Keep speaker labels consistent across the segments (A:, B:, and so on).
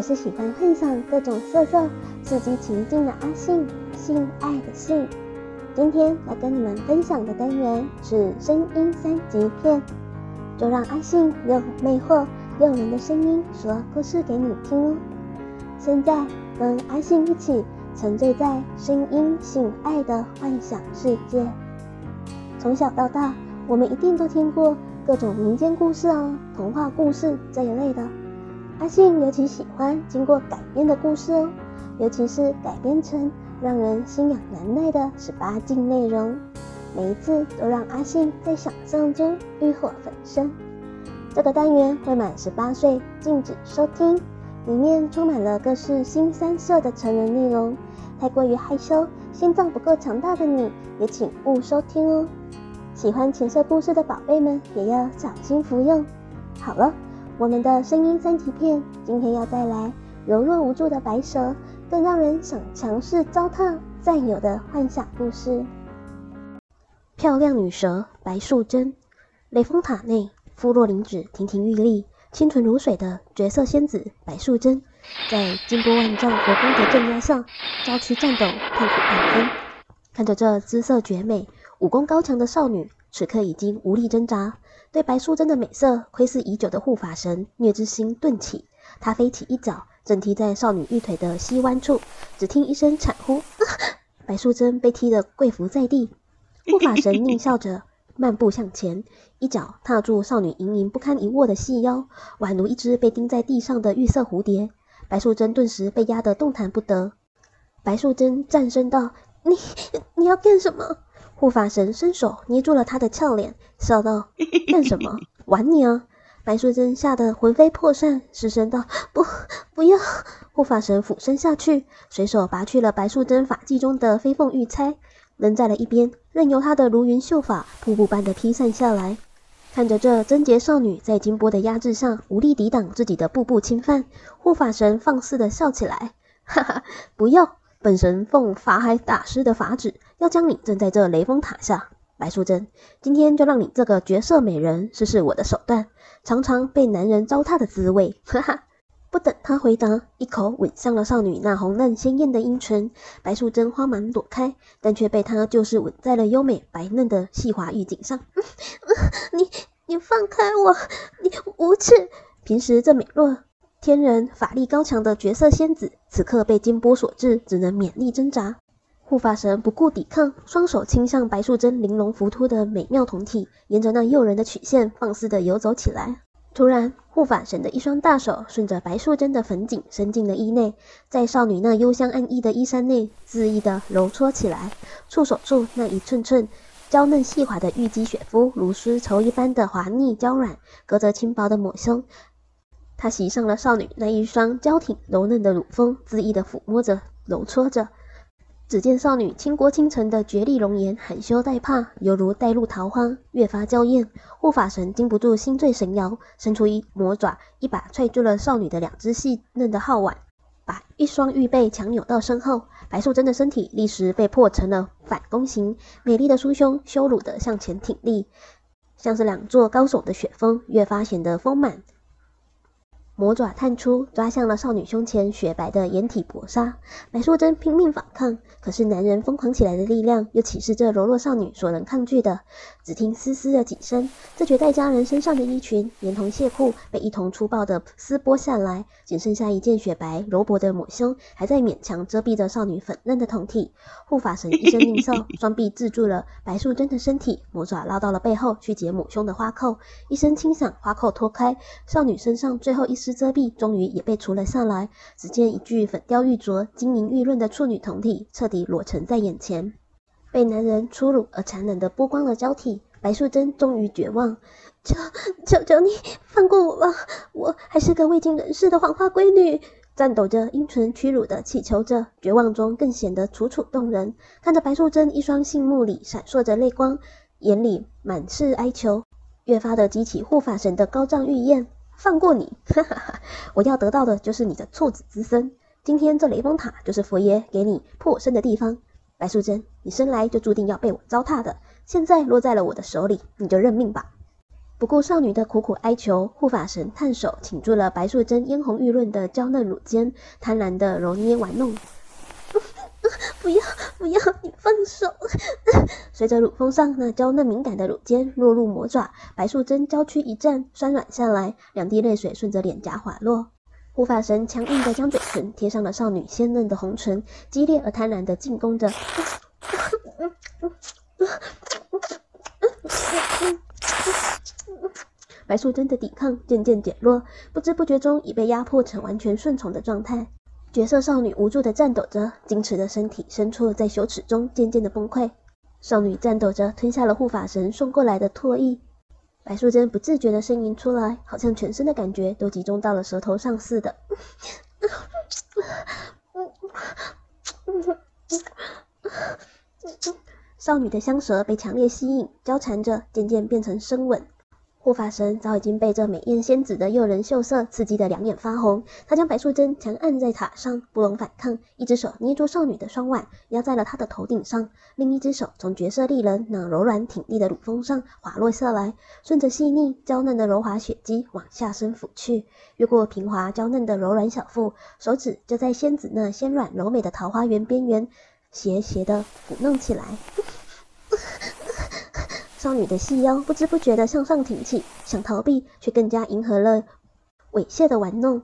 A: 我是喜歡幻想各種色色、刺激情境的阿性，性愛的性。今天來跟你們分享的單元是聲音三級片，就讓阿性用魅惑誘人的聲音說故事給你聽哦。現在跟阿性一起沉醉在聲音性愛的幻想世界。從小到大，我們一定都聽過各種民間故事啊、哦、童話故事這一類的。阿性尤其喜歡經過改編的故事哦，尤其是改編成讓人心癢難耐的十八禁內容，每一次都讓阿性在想象中欲火焚身。這個單元未滿十八歲禁止收聽，裡面充滿了各式腥羶色的成人內容，太過於害羞、心臟不夠強大的你也請勿收聽哦。喜歡情色故事的寶貝們也要小心服用。好了。我們的聲音三級片，今天要帶來柔弱無助的白蛇，更讓人想強勢糟蹋佔有的幻想故事。漂亮女蛇白素貞，雷峰塔內膚若凝脂、亭亭玉立、清純如水的絕色仙子白素貞，在金波萬丈佛光的鎮壓下，朝氣顫抖，痛苦萬分。看着這姿色絕美、武功高強的少女。此刻已經無力掙扎，對白素貞的美色窺伺已久的護法神虐之心頓起，他飛起一腳，正踢在少女玉腿的膝彎處，只聽一聲慘呼， 白素貞被踢得跪伏在地。護法神獰笑着， 漫步向前，一腳踏住少女盈盈不堪一握的細腰，宛如一只被釘在地上的玉色蝴蝶。白素貞頓時被壓得動彈不得。白素貞顫聲道：“你你要幹什麼？”護法神伸手捏住了她的俏臉，笑道：“幹 什麼？玩你啊！”白素貞嚇得魂飛魄散，失聲道：“不，不要！”護法神俯身下去，隨手拔去了白素貞髮髻中的飛鳳玉釵，扔在了一邊，任由她的如雲秀髮瀑布般的披散下來。看着這貞潔少女在金缽的壓制下無力抵擋自己的步步侵犯，護法神放肆的笑起來：“哈哈，不要！本神奉法海大師的法旨。”要將你鎮在這雷峰塔下，白素貞，今天就讓你這個絕色美人試試我的手段，嘗嘗被男人糟蹋的滋味。哈哈！不等他回答，一口吻上了少女那紅嫩鮮豔的櫻唇。白素貞慌忙躲開，但卻被他就是吻在了優美白嫩的細滑玉頸上。 你你放開我！你無恥！平時這美若天人、法力高強的絕色仙子，此刻被金波所制，只能勉力掙扎。護法神不顧抵抗，雙手輕向白素貞玲瓏浮凸的美妙胴體，沿着那誘人的曲線放肆地遊走起來。突然，護法神的一雙大手順着白素貞的粉頸伸進了衣內，在少女那幽香暗溢的衣衫內恣意地揉搓起來。觸手處那一寸寸嬌嫩細滑的玉肌雪膚，如絲綢一般的滑膩嬌軟，隔着輕薄的抹胸，他襲上了少女那一雙嬌挺柔嫩的乳峰，恣意地撫摸着、揉搓着。只見少女傾國傾城的絕麗容顏，含羞帶怕，猶如帶露桃花，越發嬌艷。護法神禁不住心醉神搖，伸出一魔爪，一把拽住了少女的兩只細嫩的皓腕，把一雙玉背強扭到身後。白素貞的身體立時被迫成了反弓形，美麗的酥胸羞辱的向前挺立，像是兩座高聳的雪峰，越發顯得豐滿。魔爪探出，抓向了少女胸前雪白的掩體薄紗。白素貞拼命反抗，可是男人瘋狂起來的力量，又豈是這柔弱少女所能抗拒的？只聽“嘶嘶”的幾聲，這絕代佳人身上的衣裙，連同褻褲，被一同粗暴的撕剝下來，僅剩下一件雪白柔薄的抹胸，還在勉強遮蔽着少女粉嫩的胴體。護法神一聲令下，雙臂制住了白素貞的身體，魔爪繞到了背後去解抹胸的花扣，一聲輕響，花扣脫開，少女身上最後一絲。遮蔽終於也被除了下來，只見一具粉雕玉琢、晶瑩玉潤的處女胴體徹底裸呈在眼前，被男人粗魯而殘忍的剝光了嬌體。白素貞終於絕望，求求求你放過我吧！我還是個未經人事的黃花閨女，顫抖着陰唇，屈辱的祈求着，絕望中更顯得楚楚動人。看着白素貞一雙杏目裡閃爍着淚光，眼裡滿是哀求，越發的激起護法神的高漲欲焰。放過你，哈哈哈，我要得到的就是你的處子之身。今天這雷峰塔就是佛爺給你破身的地方。白素貞，你生來就注定要被我糟蹋的，現在落在了我的手裡，你就認命吧。不顧少女的苦苦哀求，護法神探手擒住了白素貞嫣紅玉潤的嬌嫩乳尖，貪婪地揉捏玩弄。啊，不要不要，你放手！隨着乳峰上那嬌嫩敏感的乳尖落入魔爪，白素貞嬌軀一震，酸軟下來，兩滴淚水順着臉頰滑落。護法神強硬的將嘴唇貼上了少女鮮嫩的紅唇，激烈而貪婪的進攻着。白素貞的抵抗漸漸減弱，不知不覺中已被壓迫成完全順從的狀態。角色少女無助的顫抖着，矜持的身體深處在羞恥中漸漸的崩潰。少女顫抖着吞下了護法神送過來的唾液，白素貞不自覺的呻吟出來，好像全身的感覺都集中到了舌頭上似的。 少女的香舌被強烈吸引，交纏着，漸漸變成深吻。護法神早已經被這美豔仙子的誘人秀色刺激得兩眼發紅，他將白素貞強按在塔上，不容反抗，一只手捏住少女的雙腕，壓在了她的頭頂上，另一只手從絕色麗人那柔軟挺立的乳峰上滑落下來，順着細膩嬌嫩的柔滑雪肌往下身撫去，越過平滑嬌嫩的柔軟小腹，手指就在仙子那纖軟柔美的桃花源邊緣，斜斜地撫弄起來。少女的細腰不知不覺的向上挺起，想逃避，卻更加迎合了猥褻的玩弄。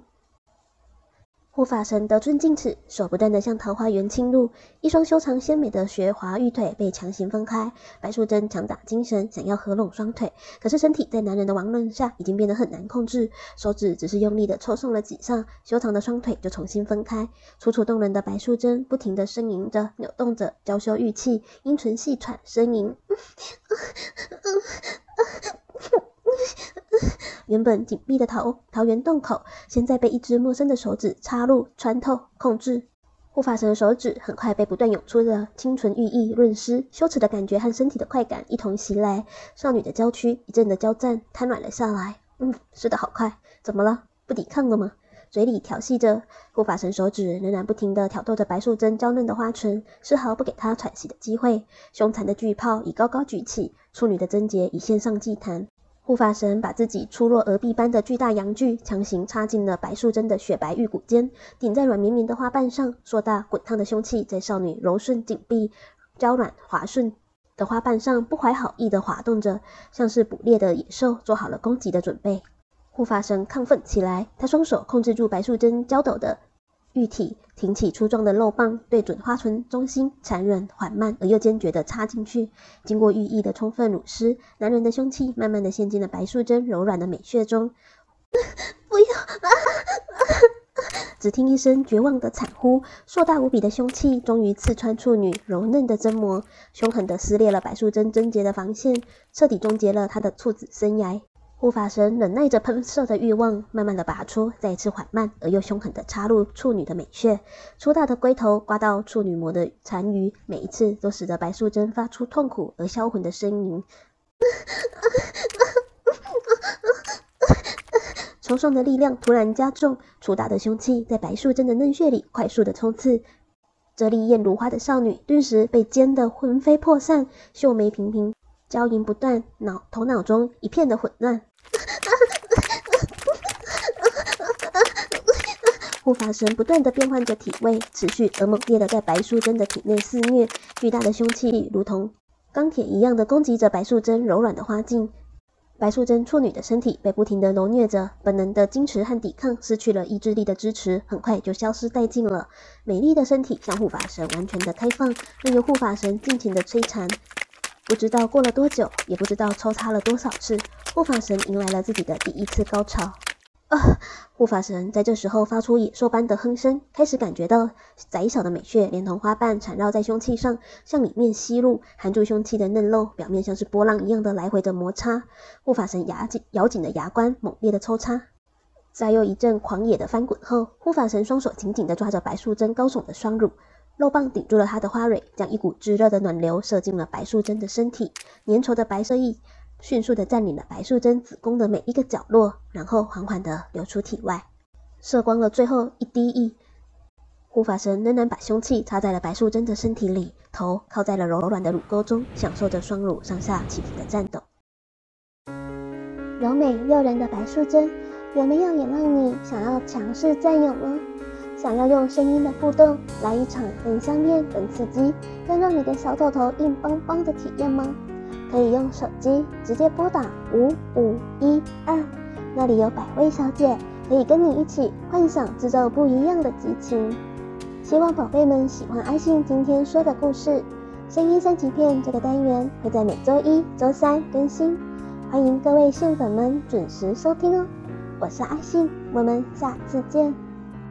A: 護法神得寸進尺，手不斷地向桃花源侵入，一雙修長鮮美的雪滑玉腿被強行分開。白素貞強打精神，想要合攏雙腿，可是身體在男人的玩弄下已經變得很難控制，手指只是用力地抽送了幾下，修長的雙腿就重新分開。楚楚動人的白素貞不停地呻吟着，扭動着，嬌羞欲泣，陰唇細喘，呻吟。呻 原本緊閉的桃桃源洞口，現在被一只陌生的手指插入、穿透、控制。護法神手指很快被不斷湧出的清純玉液潤濕，羞恥的感覺和身體的快感一同襲來，少女的嬌軀一陣的交戰，癱軟了下來。嗯，濕得好快，怎麼了？不抵抗了嗎？嘴裡調戲着，護法神手指仍然不停地挑逗着白素貞嬌嫩的花唇，絲毫不給她喘息的機會。凶殘的巨炮已高高舉起，處女的貞潔已獻上祭壇。護法神把自己粗若鵝臂般的巨大陽具強行插進了白素貞的雪白玉骨間，頂在軟綿綿的花瓣上，碩大滾燙的凶器在少女柔順緊閉、嬌軟滑順的花瓣上不懷好意地滑動着，像是捕獵的野獸，做好了攻擊的準備。護法神亢奮起來，他雙手控制住白素貞嬌抖的。玉體挺起粗壯的肉棒，對準花唇中心，殘忍、緩慢而又堅決地插進去。經過寓意的充分乳濕，男人的凶器慢慢地陷進了白素貞柔軟的美穴中。 不要啊！啊，只聽一聲絕望的慘呼，碩大無比的凶器終於刺穿處女柔嫩的貞膜，凶狠地撕裂了白素貞貞潔的防線，徹底終結了她的處子生涯。護法神忍耐着噴射的慾望，慢慢的拔出，再次緩慢而又兇狠的插入處女的美穴。粗大的龜頭刮到處女膜的殘餘，每一次都使得白素貞發出痛苦而銷魂的呻吟。衝撞 的力量突然加重，粗大的兇器在白素貞的嫩穴裡快速的衝刺。這麗豔如花的少女頓時被煎得魂飛魄散，秀眉顰顰，嬌吟不斷，腦頭腦中一片的混亂。護法 神不斷地變換着體位，持續而猛烈地在白素貞的體內肆虐。巨大的凶器如同鋼鐵一樣的攻擊着白素貞柔軟的花莖。白素貞處女的身體被不停地蹂躪着，本能的矜持和抵抗失去了意志力的支持，很快就消失殆盡了。美麗的身體向護法神完全的開放，任由護法神盡情地摧殘。不知道過了多久，也不知道抽插了多少次，護法神迎來了自己的第一次高潮。啊、呃！護法神在這時候發出野獸般的哼聲，開始感覺到窄小的美穴，連同花瓣纏繞在胸器上，向裡面吸入，含住胸器的嫩肉，表面像是波浪一樣的來回的摩擦。護法神牙緊咬緊的牙關，猛烈的抽插。在又一陣狂野的翻滾後，護法神雙手緊緊地抓着白素貞高聳的雙乳。肉棒頂住了她的花蕊，將一股炙熱的暖流射進了白素貞的身體。粘稠的白色液迅速地佔領了白素貞子宮的每一個角落，然後緩緩地流出體外，射光了最後一滴液。護法神仍然把凶器插在了白素貞的身體裡，頭靠在了柔軟的乳溝中，享受着雙乳上下起伏的顫抖。柔美誘人的白素貞，有沒有也讓你想要強勢佔有呢？想要用聲音的互動來一場更香艷、更刺激，更讓你的小頭頭硬邦邦的體驗嗎？可以用手機直接撥打五五一二，那裡有百位小姐可以跟你一起幻想製造不一樣的激情。希望寶貝們喜歡阿性今天說的故事。聲音三級片這個單元會在每週一、週三更新，歡迎各位性粉們準時收聽哦。我是阿性，我們下次見。